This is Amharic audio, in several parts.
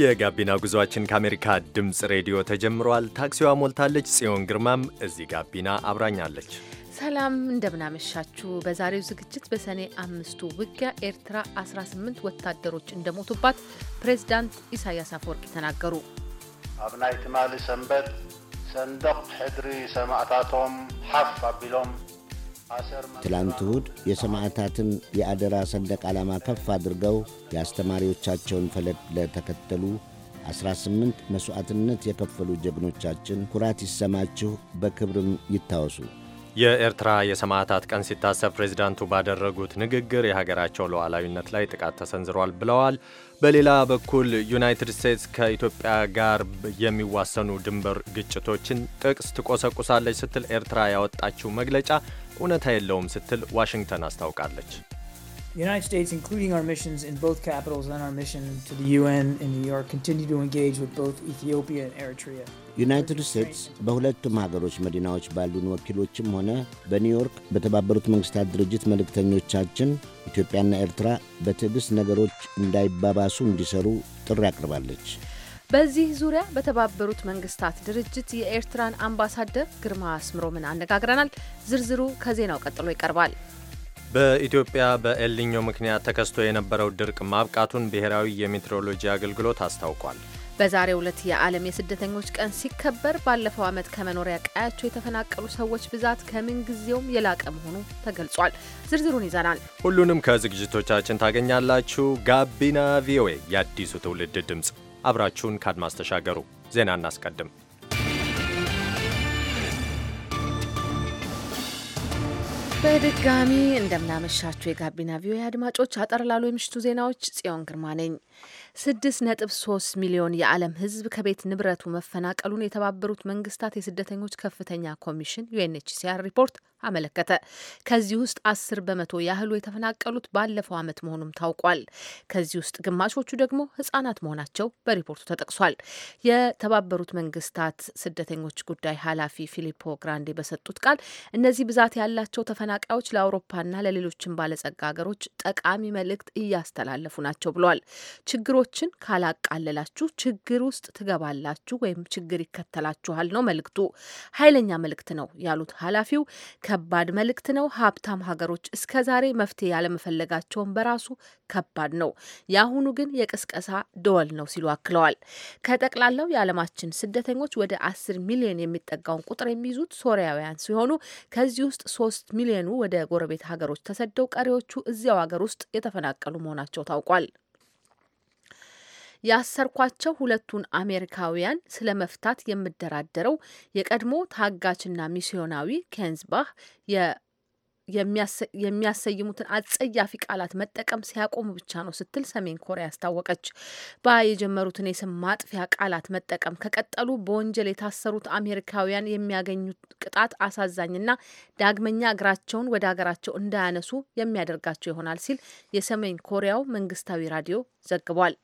የጋቢና ጉዟችን ከአሜሪካ ድምፅ ሬዲዮ ተጀምሯል። ታክሲዋ ሞልታለች። ጽዮን ግርማም እዚህ ጋቢና አብራኛለች። ሰላም እንደምናመሻችሁ። በዛሬው ዝግጅት በሰኔ አምስቱ ውጊያ ኤርትራ 18 ወታደሮች እንደሞቱባት ፕሬዚዳንት ኢሳያስ አፈወርቂ ተናገሩ። ኣብ ናይ ትማሊ ሰንበት ሰንደቕ ሕድሪ ሰማዕታቶም ሓፍ ኣቢሎም ትላንት እሁድ የሰማዕታትን የአደራ ሰንደቅ ዓላማ ከፍ አድርገው የአስተማሪዎቻቸውን ፈለግ ለተከተሉ 18 መሥዋዕትነት የከፈሉ ጀግኖቻችን ኩራት ይሰማችሁ፣ በክብርም ይታወሱ። የኤርትራ የሰማዕታት ቀን ሲታሰብ ፕሬዚዳንቱ ባደረጉት ንግግር የሀገራቸው ሉዓላዊነት ላይ ጥቃት ተሰንዝሯል ብለዋል። በሌላ በኩል ዩናይትድ ስቴትስ ከኢትዮጵያ ጋር የሚዋሰኑ ድንበር ግጭቶችን ጥቅስ ትቆሰቁሳለች ስትል ኤርትራ ያወጣችው መግለጫ እውነታ የለውም ስትል ዋሽንግተን አስታውቃለች። ዩናይትድ ስቴትስ ኢትዮጵያ በሁለቱም ሀገሮች መዲናዎች ባሉን ወኪሎችም ሆነ በኒውዮርክ በተባበሩት መንግስታት ድርጅት መልእክተኞቻችን ኢትዮጵያና ኤርትራ በትዕግሥት ነገሮች እንዳይባባሱ እንዲሰሩ ጥሪ አቅርባለች። በዚህ ዙሪያ በተባበሩት መንግስታት ድርጅት የኤርትራን አምባሳደር ግርማ አስምሮምን አነጋግረናል። ዝርዝሩ ከዜናው ቀጥሎ ይቀርባል። በኢትዮጵያ በኤልኒኞ ምክንያት ተከስቶ የነበረው ድርቅ ማብቃቱን ብሔራዊ የሜትሮሎጂ አገልግሎት አስታውቋል። በዛሬው ዕለት የዓለም የስደተኞች ቀን ሲከበር ባለፈው ዓመት ከመኖሪያ ቀያቸው የተፈናቀሉ ሰዎች ብዛት ከምንጊዜውም የላቀ መሆኑ ተገልጿል። ዝርዝሩን ይዘናል። ሁሉንም ከዝግጅቶቻችን ታገኛላችሁ። ጋቢና ቪኦኤ የአዲሱ ትውልድ ድምፅ አብራችሁን ካድማስ ተሻገሩ። ዜና እናስቀድም። በድጋሚ እንደምናመሻችሁ የጋቢና ቪኦኤ አድማጮች፣ አጠር ላሉ የምሽቱ ዜናዎች ጽዮን ግርማ ነኝ። ስድስት ነጥብ ሶስት ሚሊዮን የዓለም ሕዝብ ከቤት ንብረቱ መፈናቀሉን የተባበሩት መንግስታት የስደተኞች ከፍተኛ ኮሚሽን ዩኤንኤችሲአር ሪፖርት አመለከተ። ከዚህ ውስጥ አስር በመቶ ያህሉ የተፈናቀሉት ባለፈው ዓመት መሆኑም ታውቋል። ከዚህ ውስጥ ግማሾቹ ደግሞ ህጻናት መሆናቸው በሪፖርቱ ተጠቅሷል። የተባበሩት መንግስታት ስደተኞች ጉዳይ ኃላፊ ፊሊፖ ግራንዴ በሰጡት ቃል እነዚህ ብዛት ያላቸው ተፈናቃዮች ለአውሮፓና ለሌሎችም ባለጸጋ ሀገሮች ጠቃሚ መልእክት እያስተላለፉ ናቸው ብለዋል። ችግሮችን ካላቃለላችሁ ችግር ውስጥ ትገባላችሁ ወይም ችግር ይከተላችኋል ነው መልእክቱ። ኃይለኛ መልእክት ነው ያሉት ኃላፊው ከባድ መልእክት ነው። ሀብታም ሀገሮች ዛሬ መፍትሄ ያለመፈለጋቸውን በራሱ ከባድ ነው። የአሁኑ ግን የቅስቀሳ ደወል ነው ሲሉ አክለዋል። ከጠቅላላው የዓለማችን ስደተኞች ወደ አስር ሚሊዮን የሚጠጋውን ቁጥር የሚይዙት ሶሪያውያን ሲሆኑ ከዚህ ውስጥ ሶስት ሚሊዮኑ ወደ ጎረቤት ሀገሮች ተሰደው ቀሪዎቹ እዚያው ሀገር ውስጥ የተፈናቀሉ መሆናቸው ታውቋል። ያሰርኳቸው ሁለቱን አሜሪካውያን ስለ መፍታት የምደራደረው የቀድሞ ታጋችና ሚስዮናዊ ኬንዝባህ የሚያሰይሙትን አጸያፊ ቃላት መጠቀም ሲያቆሙ ብቻ ነው ስትል ሰሜን ኮሪያ አስታወቀች። በ የጀመሩትን የስም ማጥፊያ ቃላት መጠቀም ከቀጠሉ በወንጀል የታሰሩት አሜሪካውያን የሚያገኙት ቅጣት አሳዛኝና ዳግመኛ እግራቸውን ወደ ሀገራቸው እንዳያነሱ የሚያደርጋቸው ይሆናል ሲል የሰሜን ኮሪያው መንግስታዊ ራዲዮ ዘግቧል።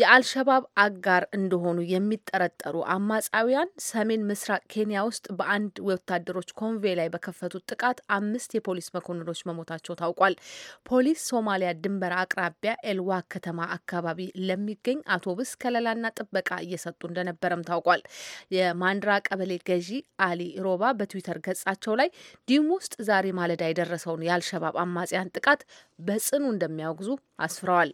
የአልሸባብ አጋር እንደሆኑ የሚጠረጠሩ አማጻውያን ሰሜን ምስራቅ ኬንያ ውስጥ በአንድ ወታደሮች ኮንቬ ላይ በከፈቱት ጥቃት አምስት የፖሊስ መኮንኖች መሞታቸው ታውቋል። ፖሊስ ሶማሊያ ድንበር አቅራቢያ ኤልዋ ከተማ አካባቢ ለሚገኝ አውቶብስ ከለላና ጥበቃ እየሰጡ እንደነበረም ታውቋል። የማንድራ ቀበሌ ገዢ አሊ ሮባ በትዊተር ገጻቸው ላይ ዲም ውስጥ ዛሬ ማለዳ የደረሰውን የአልሸባብ አማጽያን ጥቃት በጽኑ እንደሚያወግዙ አስፍረዋል።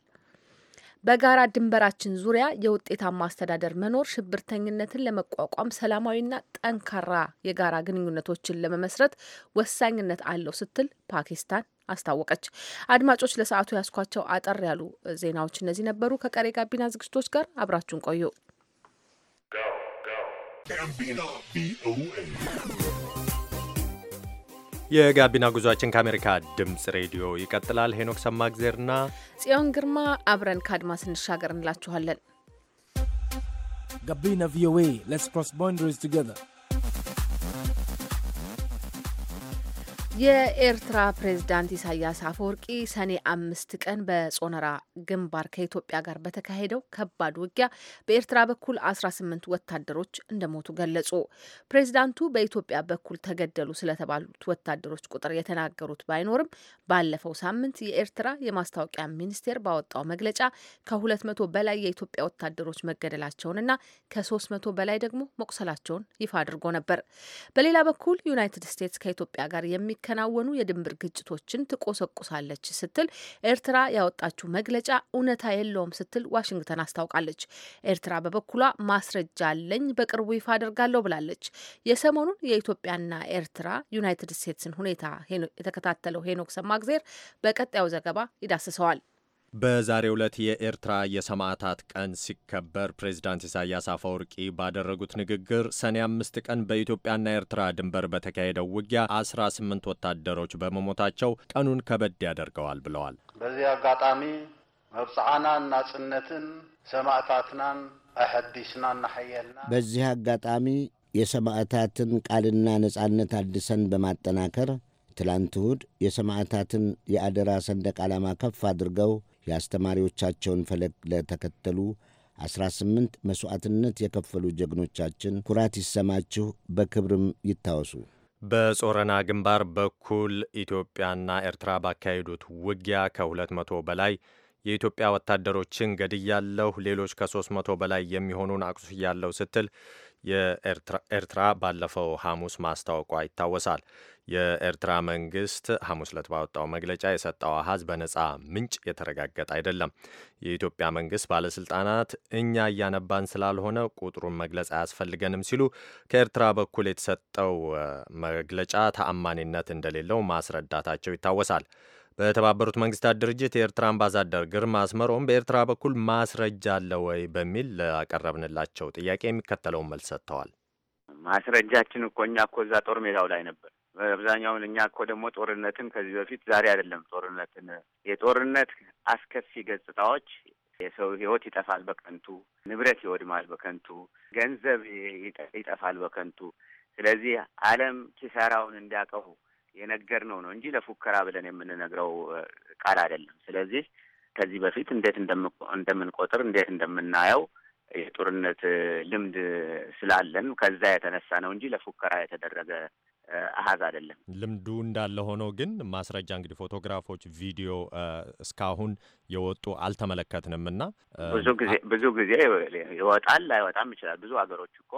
በጋራ ድንበራችን ዙሪያ የውጤታማ አስተዳደር መኖር ሽብርተኝነትን ለመቋቋም ሰላማዊና ጠንካራ የጋራ ግንኙነቶችን ለመመስረት ወሳኝነት አለው ስትል ፓኪስታን አስታወቀች። አድማጮች ለሰዓቱ ያስኳቸው አጠር ያሉ ዜናዎች እነዚህ ነበሩ። ከቀሪ ጋቢና ዝግጅቶች ጋር አብራችሁን ቆዩ። የጋቢና ጉዟችን ከአሜሪካ ድምፅ ሬዲዮ ይቀጥላል። ሄኖክ ሰማግዜርና ጽዮን ግርማ አብረን ከአድማስ እንሻገር እንላችኋለን። ጋቢና ቪኦኤ ሌትስ ክሮስ ባውንደሪስ ቱጌዘር የኤርትራ ፕሬዝዳንት ኢሳያስ አፈወርቂ ሰኔ አምስት ቀን በጾነራ ግንባር ከኢትዮጵያ ጋር በተካሄደው ከባድ ውጊያ በኤርትራ በኩል አስራ ስምንት ወታደሮች እንደሞቱ ገለጹ። ፕሬዝዳንቱ በኢትዮጵያ በኩል ተገደሉ ስለተባሉት ወታደሮች ቁጥር የተናገሩት ባይኖርም ባለፈው ሳምንት የኤርትራ የማስታወቂያ ሚኒስቴር ባወጣው መግለጫ ከሁለት መቶ በላይ የኢትዮጵያ ወታደሮች መገደላቸውንና ከሶስት መቶ በላይ ደግሞ መቁሰላቸውን ይፋ አድርጎ ነበር። በሌላ በኩል ዩናይትድ ስቴትስ ከኢትዮጵያ ጋር የሚከ የተከናወኑ የድንበር ግጭቶችን ትቆሰቁሳለች ስትል ኤርትራ ያወጣችው መግለጫ እውነታ የለውም ስትል ዋሽንግተን አስታውቃለች። ኤርትራ በበኩሏ ማስረጃ አለኝ በቅርቡ ይፋ አድርጋለሁ ብላለች። የሰሞኑን የኢትዮጵያና ኤርትራ ዩናይትድ ስቴትስን ሁኔታ የተከታተለው ሄኖክ ሰማግዜር በቀጣዩ ዘገባ ይዳስሰዋል። በዛሬ ዕለት የኤርትራ የሰማዕታት ቀን ሲከበር ፕሬዚዳንት ኢሳያስ አፈወርቂ ባደረጉት ንግግር ሰኔ አምስት ቀን በኢትዮጵያና ኤርትራ ድንበር በተካሄደው ውጊያ አስራ ስምንት ወታደሮች በመሞታቸው ቀኑን ከበድ ያደርገዋል ብለዋል። በዚህ አጋጣሚ መብፅዓናን ናጽነትን ሰማዕታትናን አሐዲስና ናሐየልና በዚህ አጋጣሚ የሰማዕታትን ቃልና ነጻነት አድሰን በማጠናከር ትላንት እሁድ የሰማዕታትን የአደራ ሰንደቅ ዓላማ ከፍ አድርገው የአስተማሪዎቻቸውን ፈለግ ለተከተሉ 18 መሥዋዕትነት የከፈሉ ጀግኖቻችን ኩራት ይሰማችሁ፣ በክብርም ይታወሱ። በጾረና ግንባር በኩል ኢትዮጵያና ኤርትራ ባካሄዱት ውጊያ ከ200 በላይ የኢትዮጵያ ወታደሮችን ገድያለሁ፣ ሌሎች ከ300 በላይ የሚሆኑን አቁስያለሁ ስትል የኤርትራ ባለፈው ሐሙስ ማስታወቋ ይታወሳል። የኤርትራ መንግስት ሐሙስ ዕለት ባወጣው መግለጫ የሰጠው አሀዝ በነጻ ምንጭ የተረጋገጠ አይደለም። የኢትዮጵያ መንግስት ባለስልጣናት እኛ እያነባን ስላልሆነ ቁጥሩን መግለጽ አያስፈልገንም ሲሉ ከኤርትራ በኩል የተሰጠው መግለጫ ተአማኒነት እንደሌለው ማስረዳታቸው ይታወሳል። በተባበሩት መንግስታት ድርጅት የኤርትራ አምባሳደር ግርማ አስመሮም በኤርትራ በኩል ማስረጃ አለ ወይ በሚል ላቀረብንላቸው ጥያቄ የሚከተለውን መልስ ሰጥተዋል። ማስረጃችን እኮ እኛ እኮ እዛ ጦር ሜዳው ላይ ነበር በአብዛኛውን እኛ እኮ ደግሞ ጦርነትን ከዚህ በፊት ዛሬ አይደለም ጦርነትን የጦርነት አስከፊ ገጽታዎች የሰው ህይወት ይጠፋል በከንቱ ንብረት ይወድማል በከንቱ ገንዘብ ይጠፋል በከንቱ። ስለዚህ አለም ኪሳራውን የነገር የነገርነው ነው እንጂ ለፉከራ ብለን የምንነግረው ቃል አይደለም። ስለዚህ ከዚህ በፊት እንዴት እንደምንቆጥር እንዴት እንደምናየው የጦርነት ልምድ ስላለን ከዛ የተነሳ ነው እንጂ ለፉከራ የተደረገ አሀዝ አይደለም። ልምዱ እንዳለ ሆኖ ግን ማስረጃ እንግዲህ ፎቶግራፎች፣ ቪዲዮ እስካሁን የወጡ አልተመለከትንም እና ብዙ ጊዜ ብዙ ጊዜ ይወጣል አይወጣም ይችላል። ብዙ ሀገሮች እኮ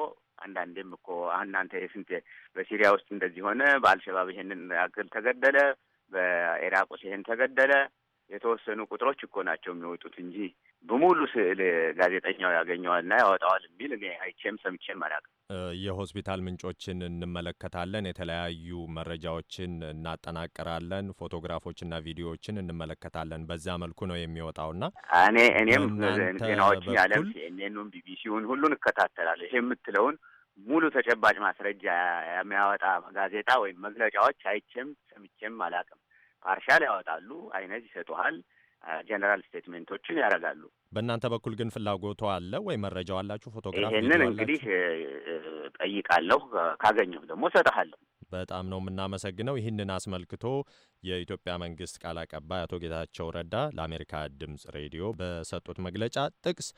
አንዳንዴም እኮ እናንተ የስንት በሲሪያ ውስጥ እንደዚህ ሆነ፣ በአልሸባብ ይሄንን ያክል ተገደለ፣ በኢራቅ ውስጥ ይሄን ተገደለ የተወሰኑ ቁጥሮች እኮ ናቸው የሚወጡት እንጂ በሙሉ ስዕል ጋዜጠኛው ያገኘዋልና ያወጣዋል የሚል እኔ አይቼም ሰምቼም አላውቅም። የሆስፒታል ምንጮችን እንመለከታለን፣ የተለያዩ መረጃዎችን እናጠናቅራለን፣ ፎቶግራፎችና ቪዲዮዎችን እንመለከታለን። በዛ መልኩ ነው የሚወጣውና እኔ እኔም ዜናዎችን ያለም ሲኤንኤኑን ቢቢሲውን ሁሉን እከታተላለሁ። ይሄ የምትለውን ሙሉ ተጨባጭ ማስረጃ የሚያወጣ ጋዜጣ ወይም መግለጫዎች አይቼም ሰምቼም አላውቅም። ፓርሻል ያወጣሉ፣ አይነት ይሰጡሃል ጀነራል ስቴትሜንቶችን ያደርጋሉ። በእናንተ በኩል ግን ፍላጎቱ አለ ወይ? መረጃው አላችሁ? ፎቶግራፍ ይህንን እንግዲህ ጠይቃለሁ፣ ካገኘሁ ደግሞ እሰጥሃለሁ። በጣም ነው የምናመሰግነው። ይህንን አስመልክቶ የኢትዮጵያ መንግስት ቃል አቀባይ አቶ ጌታቸው ረዳ ለአሜሪካ ድምፅ ሬዲዮ በሰጡት መግለጫ ጥቅስ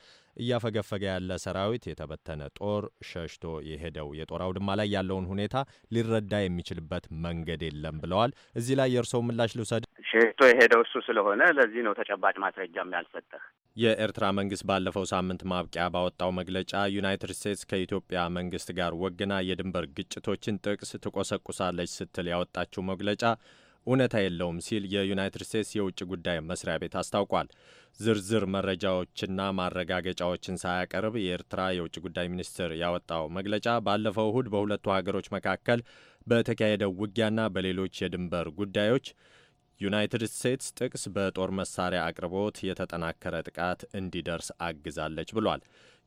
እያፈገፈገ ያለ ሰራዊት፣ የተበተነ ጦር፣ ሸሽቶ የሄደው የጦር አውድማ ላይ ያለውን ሁኔታ ሊረዳ የሚችልበት መንገድ የለም ብለዋል። እዚህ ላይ የእርስዎ ምላሽ ልውሰድ። ሸሽቶ የሄደው እሱ ስለሆነ ለዚህ ነው ተጨባጭ ማስረጃም ያልሰጠህ። የኤርትራ መንግስት ባለፈው ሳምንት ማብቂያ ባወጣው መግለጫ ዩናይትድ ስቴትስ ከኢትዮጵያ መንግስት ጋር ወግና የድንበር ግጭቶችን ጥቅስ ትቆሰቁሳለች ስትል ያወጣችው መግለጫ እውነታ የለውም ሲል የዩናይትድ ስቴትስ የውጭ ጉዳይ መስሪያ ቤት አስታውቋል። ዝርዝር መረጃዎችና ማረጋገጫዎችን ሳያቀርብ የኤርትራ የውጭ ጉዳይ ሚኒስትር ያወጣው መግለጫ ባለፈው እሁድ በሁለቱ ሀገሮች መካከል በተካሄደው ውጊያና በሌሎች የድንበር ጉዳዮች ዩናይትድ ስቴትስ ጥቅስ በጦር መሳሪያ አቅርቦት የተጠናከረ ጥቃት እንዲደርስ አግዛለች ብሏል።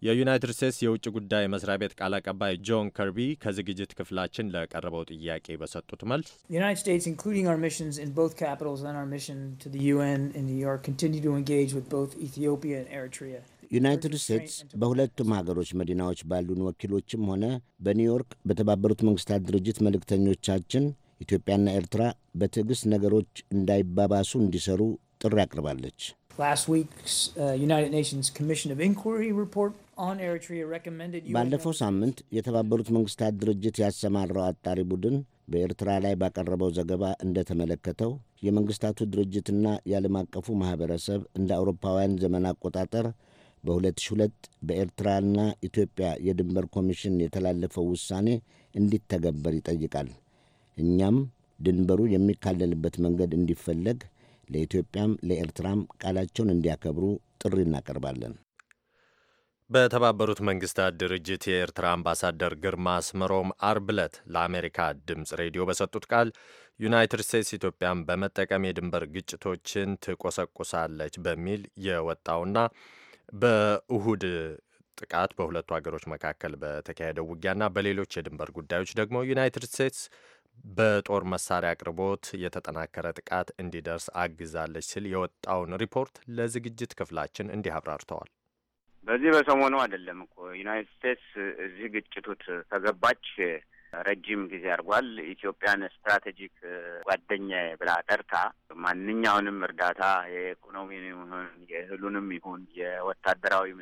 የዩናይትድ ስቴትስ የውጭ ጉዳይ መስሪያ ቤት ቃል አቀባይ ጆን ከርቢ ከዝግጅት ክፍላችን ለቀረበው ጥያቄ በሰጡት መልስ ዩናይትድ ስቴትስ በሁለቱም ሀገሮች መዲናዎች ባሉን ወኪሎችም ሆነ በኒውዮርክ በተባበሩት መንግስታት ድርጅት መልእክተኞቻችን ኢትዮጵያና ኤርትራ በትዕግሥት ነገሮች እንዳይባባሱ እንዲሰሩ ጥሪ አቅርባለች። ባለፈው ሳምንት የተባበሩት መንግስታት ድርጅት ያሰማራው አጣሪ ቡድን በኤርትራ ላይ ባቀረበው ዘገባ እንደተመለከተው የመንግስታቱ ድርጅትና የዓለም አቀፉ ማኅበረሰብ እንደ አውሮፓውያን ዘመን አቆጣጠር በ2002 በኤርትራና ኢትዮጵያ የድንበር ኮሚሽን የተላለፈው ውሳኔ እንዲተገበር ይጠይቃል። እኛም ድንበሩ የሚካለልበት መንገድ እንዲፈለግ ለኢትዮጵያም ለኤርትራም ቃላቸውን እንዲያከብሩ ጥሪ እናቀርባለን። በተባበሩት መንግስታት ድርጅት የኤርትራ አምባሳደር ግርማ አስመሮም አርብ ዕለት ለአሜሪካ ድምፅ ሬዲዮ በሰጡት ቃል ዩናይትድ ስቴትስ ኢትዮጵያን በመጠቀም የድንበር ግጭቶችን ትቆሰቁሳለች በሚል የወጣውና በእሁድ ጥቃት በሁለቱ ሀገሮች መካከል በተካሄደው ውጊያና በሌሎች የድንበር ጉዳዮች ደግሞ ዩናይትድ ስቴትስ በጦር መሳሪያ አቅርቦት የተጠናከረ ጥቃት እንዲደርስ አግዛለች ሲል የወጣውን ሪፖርት ለዝግጅት ክፍላችን እንዲህ አብራርተዋል። በዚህ በሰሞኑ አይደለም እኮ ዩናይት ስቴትስ እዚህ ግጭቱት ከገባች ረጅም ጊዜ አድርጓል። ኢትዮጵያን ስትራቴጂክ ጓደኛ ብላ ጠርታ ማንኛውንም እርዳታ የኢኮኖሚን ይሁን የእህሉንም ይሁን የወታደራዊ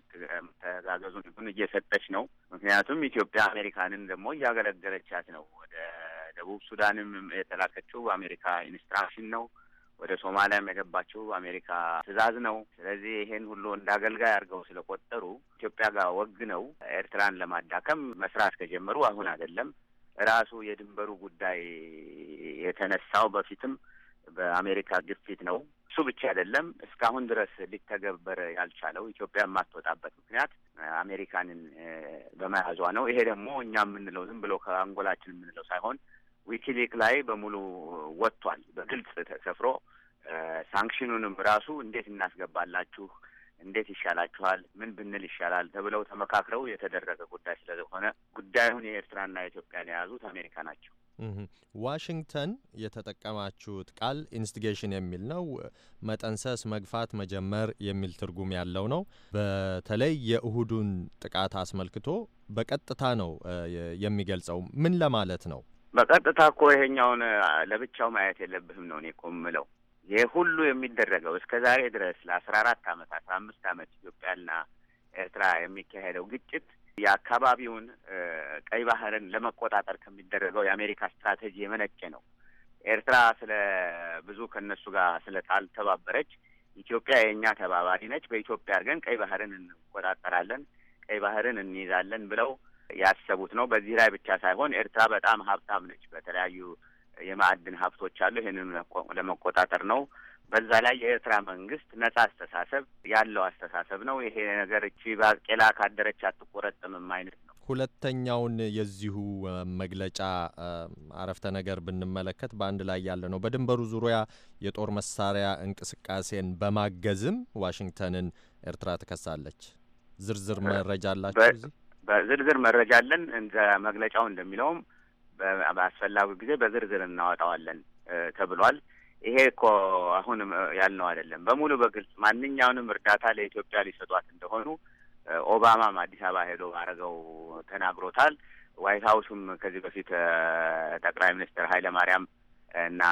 ተጋገዙን ይሁን እየሰጠች ነው። ምክንያቱም ኢትዮጵያ አሜሪካንን ደግሞ እያገለገለቻት ነው። ወደ ደቡብ ሱዳንም የተላከችው በአሜሪካ ኢንስትራክሽን ነው። ወደ ሶማሊያም የገባችው አሜሪካ ትእዛዝ ነው። ስለዚህ ይሄን ሁሉ እንደ አገልጋይ አድርገው ስለቆጠሩ ኢትዮጵያ ጋር ወግ ነው ኤርትራን ለማዳከም መስራት ከጀመሩ አሁን አይደለም። ራሱ የድንበሩ ጉዳይ የተነሳው በፊትም በአሜሪካ ግፊት ነው። እሱ ብቻ አይደለም። እስካሁን ድረስ ሊተገበር ያልቻለው ኢትዮጵያ የማትወጣበት ምክንያት አሜሪካንን በመያዟ ነው። ይሄ ደግሞ እኛ የምንለው ዝም ብሎ ከአንጎላችን የምንለው ሳይሆን ዊኪሊክ ላይ በሙሉ uh, ወጥቷል፣ በግልጽ ተሰፍሮ uh, ሳንክሽኑንም ራሱ እንዴት እናስገባላችሁ፣ እንዴት ይሻላችኋል፣ ምን ብንል ይሻላል ተብለው ተመካክረው የተደረገ ጉዳይ ስለሆነ ጉዳዩን የኤርትራና የኢትዮጵያን የያዙት አሜሪካ ናቸው። ዋሽንግተን የተጠቀማችሁት ቃል ኢንስቲጌሽን የሚል ነው። መጠንሰስ፣ መግፋት፣ መጀመር የሚል ትርጉም ያለው ነው። በተለይ የእሁዱን ጥቃት አስመልክቶ በቀጥታ ነው uh, የሚገልጸው። ምን ለማለት ነው? በቀጥታ እኮ ይሄኛውን ለብቻው ማየት የለብህም ነው እኔ እኮ የምለው። ይሄ ሁሉ የሚደረገው እስከ ዛሬ ድረስ ለአስራ አራት አመት አስራ አምስት አመት ኢትዮጵያና ኤርትራ የሚካሄደው ግጭት የአካባቢውን ቀይ ባህርን ለመቆጣጠር ከሚደረገው የአሜሪካ ስትራቴጂ የመነጨ ነው። ኤርትራ ስለ ብዙ ከነሱ ጋር ስለ ተባበረች። ኢትዮጵያ የእኛ ተባባሪ ነች፣ በኢትዮጵያ አድርገን ቀይ ባህርን እንቆጣጠራለን፣ ቀይ ባህርን እንይዛለን ብለው ያሰቡት ነው። በዚህ ላይ ብቻ ሳይሆን ኤርትራ በጣም ሀብታም ነች። በተለያዩ የማዕድን ሀብቶች አሉ። ይህንን ለመቆጣጠር ነው። በዛ ላይ የኤርትራ መንግስት ነጻ አስተሳሰብ ያለው አስተሳሰብ ነው። ይሄ ነገር እቺ ባቄላ ካደረች አትቆረጥምም አይነት ነው። ሁለተኛውን የዚሁ መግለጫ አረፍተ ነገር ብንመለከት በአንድ ላይ ያለ ነው። በድንበሩ ዙሪያ የጦር መሳሪያ እንቅስቃሴን በማገዝም ዋሽንግተንን ኤርትራ ትከሳለች። ዝርዝር መረጃ አላቸው እዚህ በዝርዝር መረጃ አለን። እንደ መግለጫው እንደሚለውም በአስፈላጊ ጊዜ በዝርዝር እናወጣዋለን ተብሏል። ይሄ እኮ አሁን ያልነው አይደለም። በሙሉ በግልጽ ማንኛውንም እርዳታ ለኢትዮጵያ ሊሰጧት እንደሆኑ ኦባማም አዲስ አበባ ሄዶ ባረገው ተናግሮታል። ዋይት ሀውስም ከዚህ በፊት ጠቅላይ ሚኒስትር ኃይለ ማርያም እና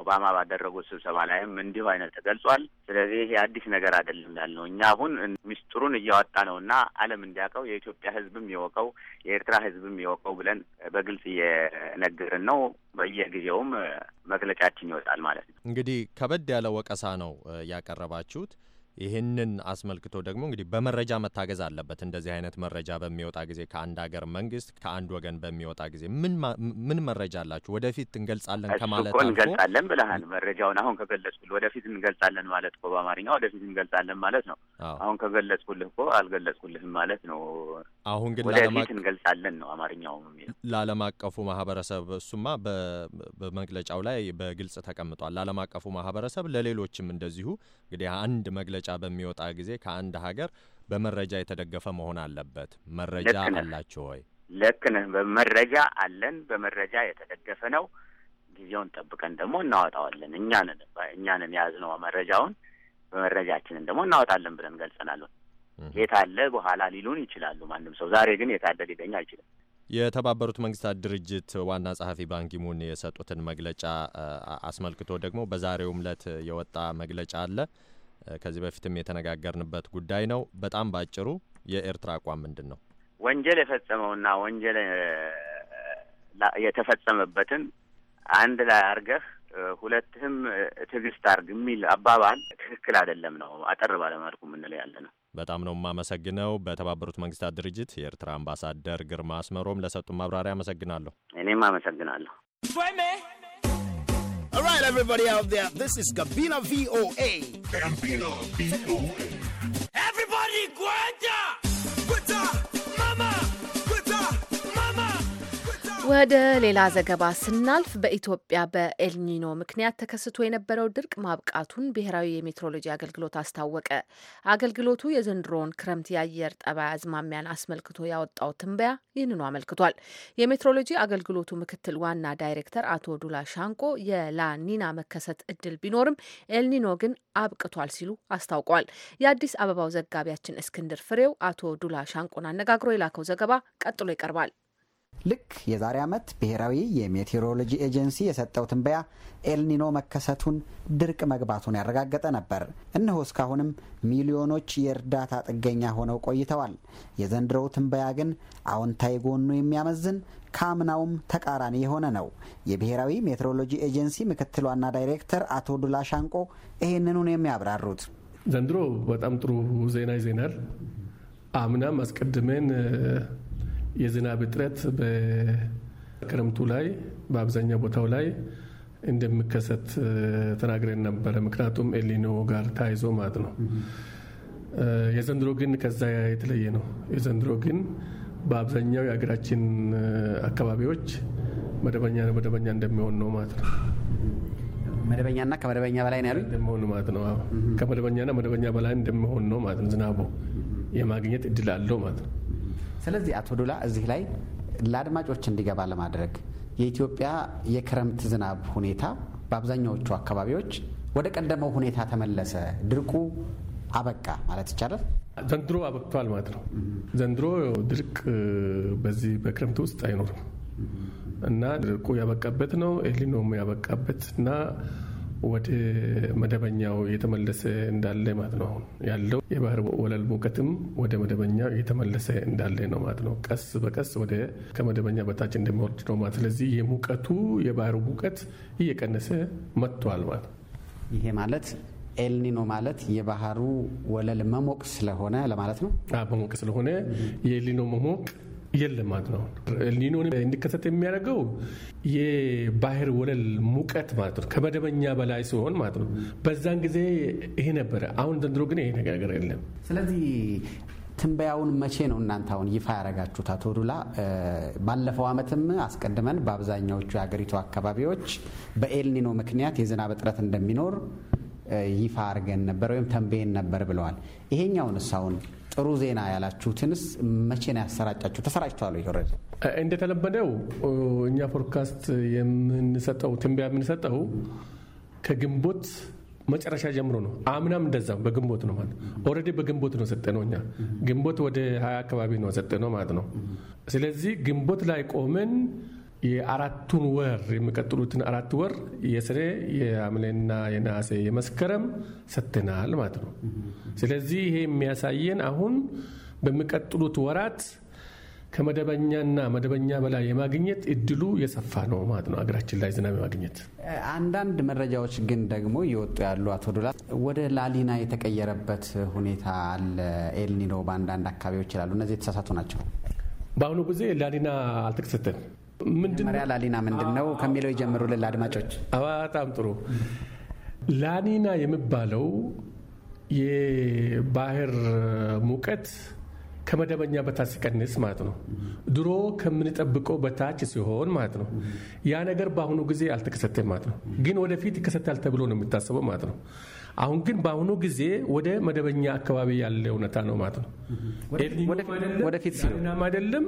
ኦባማ ባደረጉት ስብሰባ ላይም እንዲሁ አይነት ተገልጿል። ስለዚህ ይሄ አዲስ ነገር አይደለም ያልነው እኛ አሁን ሚስጥሩን እያወጣ ነው እና ዓለም እንዲያውቀው የኢትዮጵያ ሕዝብም የወቀው የኤርትራ ሕዝብም የወቀው ብለን በግልጽ እየነገርን ነው። በየጊዜውም መግለጫችን ይወጣል ማለት ነው። እንግዲህ ከበድ ያለ ወቀሳ ነው ያቀረባችሁት። ይህንን አስመልክቶ ደግሞ እንግዲህ በመረጃ መታገዝ አለበት። እንደዚህ አይነት መረጃ በሚወጣ ጊዜ ከአንድ ሀገር መንግስት ከአንድ ወገን በሚወጣ ጊዜ ምን መረጃ አላችሁ? ወደፊት እንገልጻለን ከማለት እንገልጻለን ብለሃል። መረጃውን አሁን ከገለጽኩልህ ወደፊት እንገልጻለን ማለት እኮ በአማርኛ ወደፊት እንገልጻለን ማለት ነው። አሁን ከገለጽኩልህ እኮ አልገለጽኩልህም ማለት ነው። አሁን ግን ወደፊት እንገልጻለን ነው አማርኛው የሚለው ለዓለም አቀፉ ማህበረሰብ። እሱማ በመግለጫው ላይ በግልጽ ተቀምጧል። ለዓለም አቀፉ ማህበረሰብ ለሌሎችም እንደዚሁ እንግዲህ አንድ መግለጫ መግለጫ በሚወጣ ጊዜ ከአንድ ሀገር በመረጃ የተደገፈ መሆን አለበት። መረጃ አላችሁ ወይ? ልክ ነህ። በመረጃ አለን። በመረጃ የተደገፈ ነው። ጊዜውን ጠብቀን ደግሞ እናወጣዋለን። እኛንን እኛንን የያዝነው መረጃውን በመረጃችንን ደግሞ እናወጣለን ብለን ገልጸናለን። የታለ በኋላ ሊሉን ይችላሉ። ማንም ሰው ዛሬ ግን የታለ ሊለኛ አይችልም። የተባበሩት መንግስታት ድርጅት ዋና ጸሐፊ ባንኪሙን የሰጡትን መግለጫ አስመልክቶ ደግሞ በዛሬው ዕለት የወጣ መግለጫ አለ። ከዚህ በፊትም የተነጋገርንበት ጉዳይ ነው። በጣም ባጭሩ የኤርትራ አቋም ምንድን ነው? ወንጀል የፈጸመውና ወንጀል የተፈጸመበትን አንድ ላይ አርገህ ሁለትህም ትዕግስት አርግ የሚል አባባል ትክክል አይደለም ነው አጠር ባለመልኩ የምንለው ያለ ነው። በጣም ነው የማመሰግነው። በተባበሩት መንግስታት ድርጅት የኤርትራ አምባሳደር ግርማ አስመሮም ለሰጡን ማብራሪያ አመሰግናለሁ። እኔም አመሰግናለሁ። All right, everybody out there, this is Gabina VOA. Gabina VOA. ወደ ሌላ ዘገባ ስናልፍ በኢትዮጵያ በኤልኒኖ ምክንያት ተከስቶ የነበረው ድርቅ ማብቃቱን ብሔራዊ የሜትሮሎጂ አገልግሎት አስታወቀ። አገልግሎቱ የዘንድሮውን ክረምት የአየር ጠባይ አዝማሚያን አስመልክቶ ያወጣው ትንበያ ይህንኑ አመልክቷል። የሜትሮሎጂ አገልግሎቱ ምክትል ዋና ዳይሬክተር አቶ ዱላ ሻንቆ የላኒና መከሰት እድል ቢኖርም ኤልኒኖ ግን አብቅቷል ሲሉ አስታውቋል። የአዲስ አበባው ዘጋቢያችን እስክንድር ፍሬው አቶ ዱላ ሻንቆን አነጋግሮ የላከው ዘገባ ቀጥሎ ይቀርባል። ልክ የዛሬ ዓመት ብሔራዊ የሜቴሮሎጂ ኤጀንሲ የሰጠው ትንበያ ኤልኒኖ መከሰቱን፣ ድርቅ መግባቱን ያረጋገጠ ነበር። እነሆ እስካሁንም ሚሊዮኖች የእርዳታ ጥገኛ ሆነው ቆይተዋል። የዘንድሮው ትንበያ ግን አዎንታዊ ጎኑ የሚያመዝን ከአምናውም ተቃራኒ የሆነ ነው። የብሔራዊ ሜትሮሎጂ ኤጀንሲ ምክትል ዋና ዳይሬክተር አቶ ዱላ ሻንቆ ይህንኑን የሚያብራሩት ዘንድሮ በጣም ጥሩ ዜና ይዜናል። አምናም አስቀድመን የዝናብ እጥረት በክረምቱ ላይ በአብዛኛው ቦታው ላይ እንደሚከሰት ተናግረን ነበረ። ምክንያቱም ኤሊኖ ጋር ታይዞ ማለት ነው። የዘንድሮ ግን ከዛ የተለየ ነው። የዘንድሮ ግን በአብዛኛው የሀገራችን አካባቢዎች መደበኛ መደበኛ እንደሚሆን ነው ማለት ነው። መደበኛና ከመደበኛ በላይ ነው እንደሚሆን ማለት ነው። ከመደበኛና መደበኛ በላይ እንደሚሆን ነው ማለት ነው። ዝናቡ የማግኘት እድል አለው ማለት ነው። ስለዚህ አቶ ዱላ እዚህ ላይ ለአድማጮች እንዲገባ ለማድረግ የኢትዮጵያ የክረምት ዝናብ ሁኔታ በአብዛኛዎቹ አካባቢዎች ወደ ቀደመው ሁኔታ ተመለሰ፣ ድርቁ አበቃ ማለት ይቻላል። ዘንድሮ አበቅቷል ማለት ነው። ዘንድሮ ድርቅ በዚህ በክረምት ውስጥ አይኖርም እና ድርቁ ያበቃበት ነው። ኤሊኖም ያበቃበት እና ወደ መደበኛው እየተመለሰ እንዳለ ማለት ነው። አሁን ያለው የባህር ወለል ሙቀትም ወደ መደበኛው እየተመለሰ እንዳለ ነው ማለት ነው። ቀስ በቀስ ወደ ከመደበኛ በታች እንደሚወርድ ነው ማለት ስለዚህ የሙቀቱ የባህር ሙቀት እየቀነሰ መጥቷል ማለት ይሄ ማለት ኤልኒኖ ማለት የባህሩ ወለል መሞቅ ስለሆነ ለማለት ነው። መሞቅ ስለሆነ የኤልኒኖ መሞቅ የለም ማለት ነው። ኤልኒኖ እንዲከሰት የሚያደርገው የባህር ወለል ሙቀት ማለት ነው፣ ከመደበኛ በላይ ሲሆን ማለት ነው። በዛን ጊዜ ይሄ ነበረ። አሁን ዘንድሮ ግን ይሄ ነገር የለም። ስለዚህ ትንበያውን መቼ ነው እናንተ አሁን ይፋ ያደረጋችሁት? አቶ ዱላ፣ ባለፈው ዓመትም አስቀድመን በአብዛኛዎቹ የሀገሪቱ አካባቢዎች በኤልኒኖ ምክንያት የዝናብ እጥረት እንደሚኖር ይፋ አድርገን ነበር ወይም ተንብየን ነበር ብለዋል። ይሄኛውን አሁን ጥሩ ዜና ያላችሁትንስ መቼ ነው ያሰራጫችሁ? ተሰራጭተዋል? ይወረድ እንደተለመደው እኛ ፖድካስት የምንሰጠው ትንበያ የምንሰጠው ከግንቦት መጨረሻ ጀምሮ ነው። አምናም እንደዛ በግንቦት ነው ማለት ኦልሬዲ በግንቦት ነው ሰጠነው። እኛ ግንቦት ወደ ሀያ አካባቢ ነው ሰጠነው ማለት ነው። ስለዚህ ግንቦት ላይ ቆመን የአራቱን ወር የሚቀጥሉትን አራት ወር የስሬ የሐምሌና የነሐሴ የመስከረም ሰጥተናል ማለት ነው። ስለዚህ ይሄ የሚያሳየን አሁን በሚቀጥሉት ወራት ከመደበኛና መደበኛ በላይ የማግኘት እድሉ የሰፋ ነው ማለት ነው። ሀገራችን ላይ ዝናብ የማግኘት አንዳንድ መረጃዎች ግን ደግሞ እየወጡ ያሉ አቶ ዶላ ወደ ላሊና የተቀየረበት ሁኔታ አለ። ኤልኒኖ በአንዳንድ አካባቢዎች ይላሉ። እነዚህ የተሳሳቱ ናቸው። በአሁኑ ጊዜ ላሊና አልተከሰተም። መጀመሪያ ላሊና ምንድን ነው ከሚለው ይጀምሩልን ለአድማጮች። በጣም ጥሩ። ላኒና የሚባለው የባህር ሙቀት ከመደበኛ በታች ሲቀንስ ማለት ነው። ድሮ ከምንጠብቀው በታች ሲሆን ማለት ነው። ያ ነገር በአሁኑ ጊዜ አልተከሰተም ማለት ነው። ግን ወደፊት ይከሰታል ተብሎ ነው የሚታሰበው ማለት ነው። አሁን ግን በአሁኑ ጊዜ ወደ መደበኛ አካባቢ ያለ እውነታ ነው ማለት ነው። ወደፊት ላሊናም አይደለም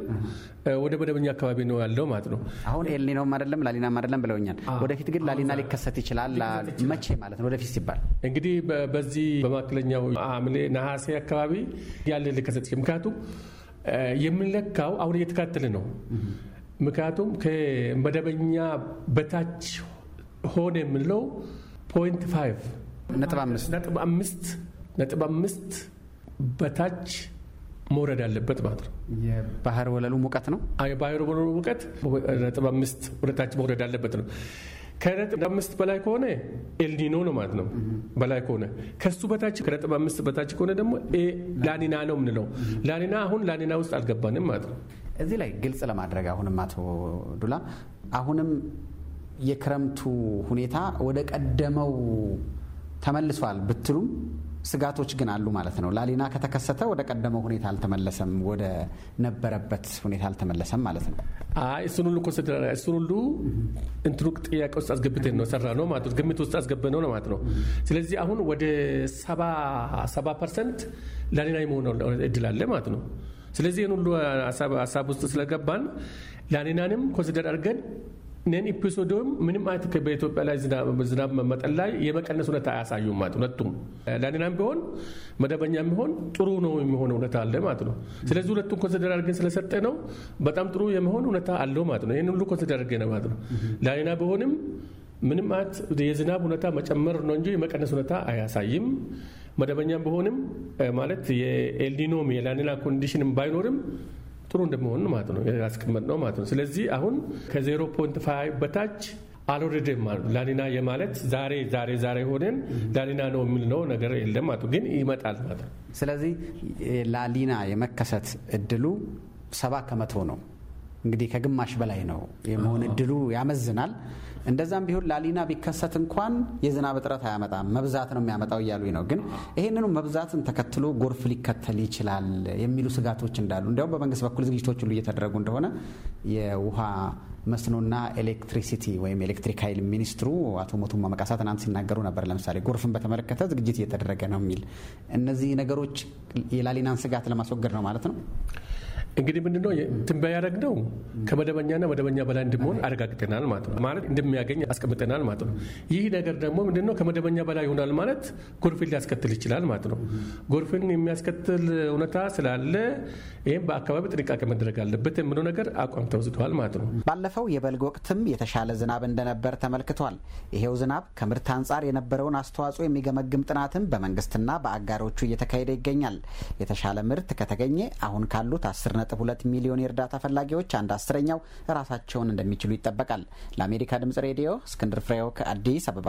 ወደ መደበኛ አካባቢ ነው ያለው ማለት ነው። አሁን ኤልኒኖም አይደለም ላሊናም አይደለም ብለውኛል። ወደፊት ግን ላሊና ሊከሰት ይችላል። መቼ ማለት ነው? ወደፊት ሲባል እንግዲህ በዚህ በመካከለኛው ሐምሌ ነሐሴ አካባቢ ያለ ሊከሰት ምክንያቱም የምንለካው አሁን እየተካተለ ነው። ምክንያቱም ከመደበኛ በታች ሆነ የምንለው ፖይንት ፋይቭ ነጥብ አምስት በታች መውረድ አለበት ማለት ነው። የባህር ወለሉ ሙቀት ነው። የባህር ወለሉ ሙቀት ነጥብ አምስት ወደታች መውረድ አለበት ነው። ከነጥብ አምስት በላይ ከሆነ ኤልኒኖ ነው ማለት ነው። በላይ ከሆነ ከሱ በታች ከነጥብ አምስት በታች ከሆነ ደግሞ ላኒና ነው የምንለው። ላኒና አሁን ላኒና ውስጥ አልገባንም ማለት ነው። እዚህ ላይ ግልጽ ለማድረግ አሁንም አቶ ዱላ አሁንም የክረምቱ ሁኔታ ወደ ቀደመው ተመልሷል ብትሉም ስጋቶች ግን አሉ ማለት ነው። ላሊና ከተከሰተ ወደ ቀደመው ሁኔታ አልተመለሰም፣ ወደ ነበረበት ሁኔታ አልተመለሰም ማለት ነው። አይ እሱን ሁሉ ኮንሲደር እሱን ሁሉ እንትኑ ጥያቄ ውስጥ አስገብተን ነው ሰራ ነው ማለት ነው፣ ግምት ውስጥ አስገብ ነው ማለት ነው። ስለዚህ አሁን ወደ ሰባ ፐርሰንት ላሊና የመሆን እድል አለ ማለት ነው። ስለዚህ ይህን ሁሉ ሀሳብ ውስጥ ስለገባን ላሊናንም ኮንሲደር አድርገን ነን ኢፒሶዶም ምንም አይነት በኢትዮጵያ ላይ ዝናብ መመጠን ላይ የመቀነስ ሁኔታ አያሳዩም ማለት ሁለቱም ለአንድናም ቢሆን መደበኛም ቢሆን ጥሩ ነው የሚሆነ ሁኔታ አለ ማለት ነው። ስለዚህ ሁለቱም ኮንሲደር አድርገን ስለሰጠ ነው በጣም ጥሩ የመሆን ሁኔታ አለው ማለት ነው። ይህን ሁሉ ኮንሲደር አድርገን ማለት ነው። ለአንድና ቢሆንም ምንም አይነት የዝናብ ሁኔታ መጨመር ነው እንጂ የመቀነስ ሁኔታ አያሳይም። መደበኛም ቢሆንም ማለት የኤልኒኖም የላኒና ኮንዲሽንም ባይኖርም ጥሩ እንደመሆኑ ማለት ነው ያስቀመጥ ነው ማለት ነው። ስለዚህ አሁን ከዜሮ ፖይንት ፋይቭ በታች አልወረደም ማለት ላኒና የማለት ዛሬ ዛሬ ዛሬ ሆነን ላኒና ነው የሚል ነው ነገር የለም ማለት ግን ይመጣል ማለት ነው። ስለዚህ ላሊና የመከሰት እድሉ ሰባ ከመቶ ነው እንግዲህ ከግማሽ በላይ ነው የመሆን እድሉ ያመዝናል። እንደዛም ቢሆን ላሊና ቢከሰት እንኳን የዝናብ እጥረት አያመጣም፣ መብዛት ነው የሚያመጣው እያሉኝ ነው። ግን ይህንኑ መብዛትን ተከትሎ ጎርፍ ሊከተል ይችላል የሚሉ ስጋቶች እንዳሉ እንዲያውም በመንግስት በኩል ዝግጅቶች ሁሉ እየተደረጉ እንደሆነ የውሃ መስኖና ኤሌክትሪሲቲ ወይም ኤሌክትሪክ ኃይል ሚኒስትሩ አቶ ሞቱማ መቃሳ ትናንት ሲናገሩ ነበር። ለምሳሌ ጎርፍን በተመለከተ ዝግጅት እየተደረገ ነው የሚል እነዚህ ነገሮች የላሊናን ስጋት ለማስወገድ ነው ማለት ነው። እንግዲህ ምንድነው ትንበያ ያደረግነው ከመደበኛና መደበኛ በላይ እንደሚሆን አረጋግጠናል ማለት ነው። ማለት እንደሚያገኝ አስቀምጠናል ማለት ነው። ይህ ነገር ደግሞ ምንድነው ከመደበኛ በላይ ይሆናል ማለት ጎርፍን ሊያስከትል ይችላል ማለት ነው። ጎርፍን የሚያስከትል እውነታ ስላለ ይህም በአካባቢ ጥንቃቄ መደረግ አለበት የምለው ነገር አቋም ተወስደዋል ማለት ነው። ባለፈው የበልግ ወቅትም የተሻለ ዝናብ እንደነበር ተመልክቷል። ይሄው ዝናብ ከምርት አንጻር የነበረውን አስተዋጽኦ የሚገመግም ጥናትም በመንግስትና በአጋሮቹ እየተካሄደ ይገኛል። የተሻለ ምርት ከተገኘ አሁን ካሉት አስር ሁለት ሚሊዮን የእርዳታ ፈላጊዎች አንድ አስረኛው ራሳቸውን እንደሚችሉ ይጠበቃል። ለአሜሪካ ድምጽ ሬዲዮ እስክንድር ፍሬው ከአዲስ አበባ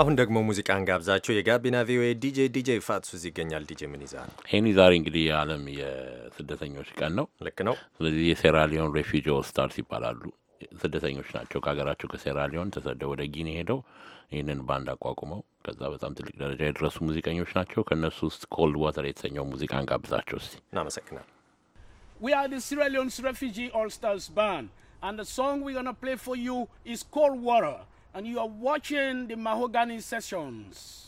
አሁን ደግሞ ሙዚቃን ጋብዛቸው። የጋቢና ቪኦኤ ዲጄ ዲጄ ፋትሱ እዚህ ይገኛል። ዲጄ ምን ይዛል? ይህን ዛሬ እንግዲህ የዓለም የስደተኞች ቀን ነው። ልክ ነው። ስለዚህ የሴራሊዮን ሬፊጂ ስታርስ ይባላሉ። ስደተኞች ናቸው። ከሀገራቸው ከሴራሊዮን ተሰደው ወደ ጊኒ ሄደው ይህንን ባንድ አቋቁመው ከዛ በጣም ትልቅ ደረጃ የደረሱ ሙዚቀኞች ናቸው። ከእነሱ ውስጥ ኮልድ ዋተር የተሰኘው ሙዚቃን ጋብዛቸው እስቲ። እናመሰግናል። We are the Sierra Leone's Refugee All Stars Band and the song we're gonna play for you is Cold Water. and you are watching the Mahogany Sessions.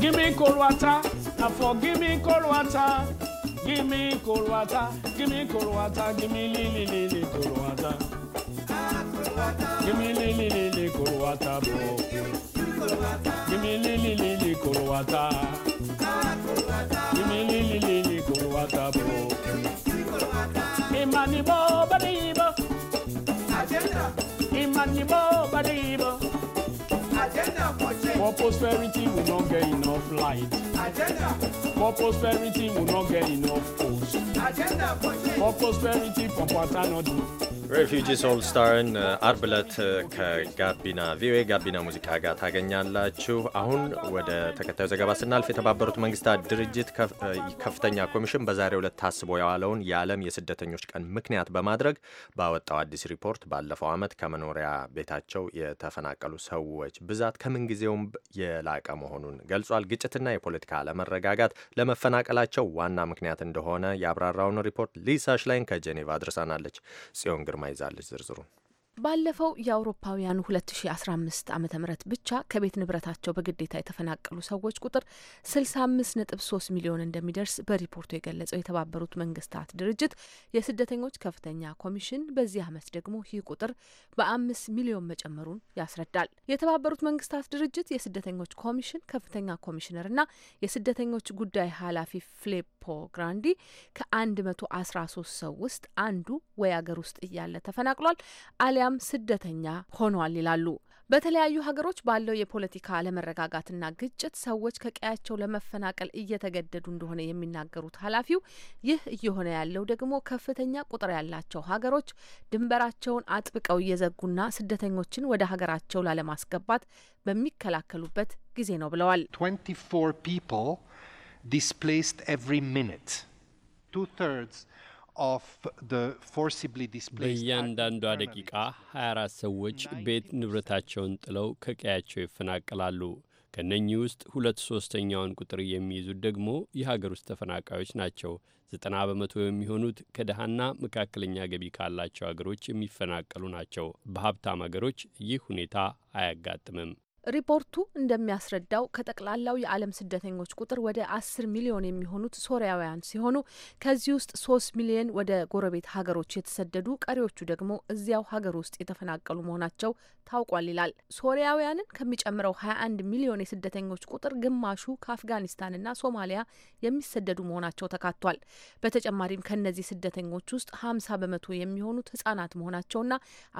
Give me water. Now forgive me cold water. Give me cold water. Give me cold water. Give me lili lili cold water. Give me lili lili cold water, bro. Give me lili lili cold water. Give me lili lili cold water, bro. Imani bo baribo. Agenda. Imani bo baribo. Agenda. For prosperity, will not get enough light. Agenda. For prosperity, will not get enough food. Agenda. For prosperity, from Patanodi. ሬፊጂስ ኦል ስታርን አርብ ዕለት uh, ከጋቢና ቪኦኤ ጋቢና ሙዚቃ ጋር ታገኛላችሁ። አሁን ወደ ተከታዩ ዘገባ ስናልፍ የተባበሩት መንግስታት ድርጅት uh, ከፍተኛ ኮሚሽን በዛሬው ዕለት ታስቦ የዋለውን የዓለም የስደተኞች ቀን ምክንያት በማድረግ ባወጣው አዲስ ሪፖርት ባለፈው ዓመት ከመኖሪያ ቤታቸው የተፈናቀሉ ሰዎች ብዛት ከምን ከምንጊዜውም የላቀ መሆኑን ገልጿል። ግጭትና የፖለቲካ አለመረጋጋት ለመፈናቀላቸው ዋና ምክንያት እንደሆነ ያብራራውን ሪፖርት ሊሳ ሽላይን ከጄኔቫ አድርሳናለች። ጽዮን ግርማ ይዛለች ዝርዝሩን ባለፈው የአውሮፓውያኑ 2015 ዓ ም ብቻ ከቤት ንብረታቸው በግዴታ የተፈናቀሉ ሰዎች ቁጥር 65.3 ሚሊዮን እንደሚደርስ በሪፖርቱ የገለጸው የተባበሩት መንግስታት ድርጅት የስደተኞች ከፍተኛ ኮሚሽን በዚህ ዓመት ደግሞ ይህ ቁጥር በአምስት ሚሊዮን መጨመሩን ያስረዳል። የተባበሩት መንግስታት ድርጅት የስደተኞች ኮሚሽን ከፍተኛ ኮሚሽነር ና የስደተኞች ጉዳይ ኃላፊ ፍሌፖ ግራንዲ ከ113 ሰው ውስጥ አንዱ ወይ አገር ውስጥ እያለ ተፈናቅሏል አሊያ አሊያም ስደተኛ ሆኗል ይላሉ። በተለያዩ ሀገሮች ባለው የፖለቲካ አለመረጋጋትና ግጭት ሰዎች ከቀያቸው ለመፈናቀል እየተገደዱ እንደሆነ የሚናገሩት ኃላፊው፣ ይህ እየሆነ ያለው ደግሞ ከፍተኛ ቁጥር ያላቸው ሀገሮች ድንበራቸውን አጥብቀው እየዘጉና ስደተኞችን ወደ ሀገራቸው ላለማስገባት በሚከላከሉበት ጊዜ ነው ብለዋል። ዲስፕሌስድ ኤቭሪ ሚኒት በእያንዳንዷ ደቂቃ 24 ሰዎች ቤት ንብረታቸውን ጥለው ከቀያቸው ይፈናቀላሉ። ከነኚህ ውስጥ ሁለት ሶስተኛውን ቁጥር የሚይዙት ደግሞ የሀገር ውስጥ ተፈናቃዮች ናቸው። ዘጠና በመቶ የሚሆኑት ከደሃና መካከለኛ ገቢ ካላቸው አገሮች የሚፈናቀሉ ናቸው። በሀብታም አገሮች ይህ ሁኔታ አያጋጥምም። ሪፖርቱ እንደሚያስረዳው ከጠቅላላው የዓለም ስደተኞች ቁጥር ወደ አስር ሚሊዮን የሚሆኑት ሶሪያውያን ሲሆኑ ከዚህ ውስጥ ሶስት ሚሊዮን ወደ ጎረቤት ሀገሮች የተሰደዱ ቀሪዎቹ ደግሞ እዚያው ሀገር ውስጥ የተፈናቀሉ መሆናቸው ታውቋል ይላል። ሶሪያውያንን ከሚጨምረው ሀያ አንድ ሚሊዮን የስደተኞች ቁጥር ግማሹ ከአፍጋኒስታንና ሶማሊያ የሚሰደዱ መሆናቸው ተካቷል። በተጨማሪም ከእነዚህ ስደተኞች ውስጥ ሀምሳ በመቶ የሚሆኑት ህጻናት መሆናቸውና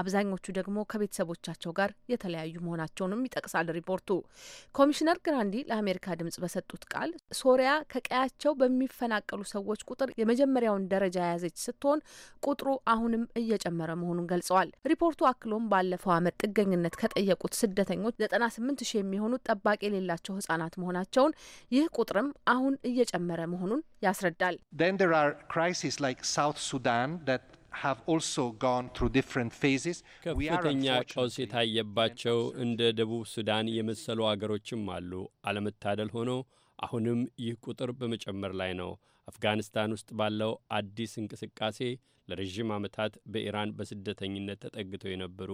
አብዛኞቹ ደግሞ ከቤተሰቦቻቸው ጋር የተለያዩ መሆናቸውንም ይጠቅሳል። ይጠቅሳል ሪፖርቱ። ኮሚሽነር ግራንዲ ለአሜሪካ ድምጽ በሰጡት ቃል ሶሪያ ከቀያቸው በሚፈናቀሉ ሰዎች ቁጥር የመጀመሪያውን ደረጃ የያዘች ስትሆን ቁጥሩ አሁንም እየጨመረ መሆኑን ገልጸዋል። ሪፖርቱ አክሎም ባለፈው ዓመት ጥገኝነት ከጠየቁት ስደተኞች ዘጠና ስምንት ሺህ የሚሆኑት ጠባቂ የሌላቸው ህጻናት መሆናቸውን፣ ይህ ቁጥርም አሁን እየጨመረ መሆኑን ያስረዳል። ሱዳን ከፍተኛ ቀውስ የታየባቸው እንደ ደቡብ ሱዳን የመሰሉ አገሮችም አሉ። አለመታደል ሆኖ አሁንም ይህ ቁጥር በመጨመር ላይ ነው። አፍጋኒስታን ውስጥ ባለው አዲስ እንቅስቃሴ ለረዥም ዓመታት በኢራን በስደተኝነት ተጠግተው የነበሩ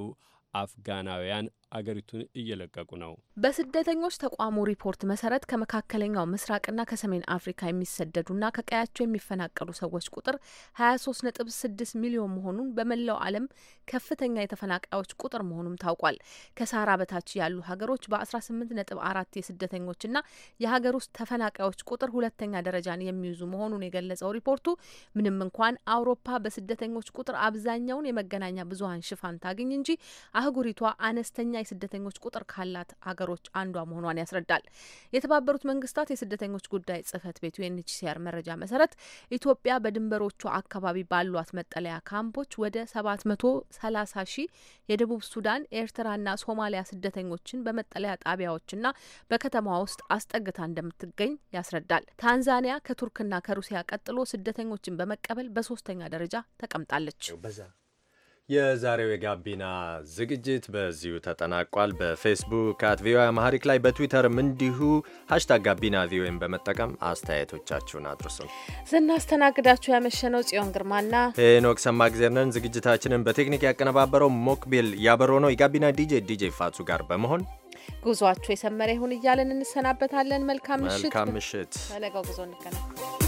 አፍጋናውያን አገሪቱን እየለቀቁ ነው። በስደተኞች ተቋሙ ሪፖርት መሰረት ከመካከለኛው ምስራቅና ከሰሜን አፍሪካ የሚሰደዱና ከቀያቸው የሚፈናቀሉ ሰዎች ቁጥር 23.6 ሚሊዮን መሆኑን በመላው ዓለም ከፍተኛ የተፈናቃዮች ቁጥር መሆኑም ታውቋል። ከሳራ በታች ያሉ ሀገሮች በ18.4 የስደተኞችና የሀገር ውስጥ ተፈናቃዮች ቁጥር ሁለተኛ ደረጃን የሚይዙ መሆኑን የገለጸው ሪፖርቱ ምንም እንኳን አውሮፓ በስደተኞች ቁጥር አብዛኛውን የመገናኛ ብዙሀን ሽፋን ታግኝ እንጂ አህጉሪቷ አነስተኛ የስደተኞች ቁጥር ካላት አገሮች አንዷ መሆኗን ያስረዳል። የተባበሩት መንግስታት የስደተኞች ጉዳይ ጽህፈት ቤት ዩኤንኤችሲአር መረጃ መሰረት ኢትዮጵያ በድንበሮቿ አካባቢ ባሏት መጠለያ ካምፖች ወደ ሰባት መቶ ሰላሳ ሺህ የደቡብ ሱዳን፣ ኤርትራና ሶማሊያ ስደተኞችን በመጠለያ ጣቢያዎችና በከተማ ውስጥ አስጠግታ እንደምትገኝ ያስረዳል። ታንዛኒያ ከቱርክና ከሩሲያ ቀጥሎ ስደተኞችን በመቀበል በሶስተኛ ደረጃ ተቀምጣለች። የዛሬው የጋቢና ዝግጅት በዚሁ ተጠናቋል። በፌስቡክ አት ቪኦ አማሪክ ላይ በትዊተርም እንዲሁ ሀሽታግ ጋቢና ቪኦኤን በመጠቀም አስተያየቶቻችሁን አድርሱን። ስናስተናግዳችሁ ያመሸነው ጽዮን ግርማና ሄኖክ ሰማ ጊዜርነን። ዝግጅታችንን በቴክኒክ ያቀነባበረው ሞክቢል ያበሮ ነው። የጋቢና ዲጄ ዲጄ ፋቱ ጋር በመሆን ጉዟችሁ የሰመረ ይሁን እያለን እንሰናበታለን። መልካም ምሽት። መልካም ምሽት። በነገው ጉዞ እንገናኝ።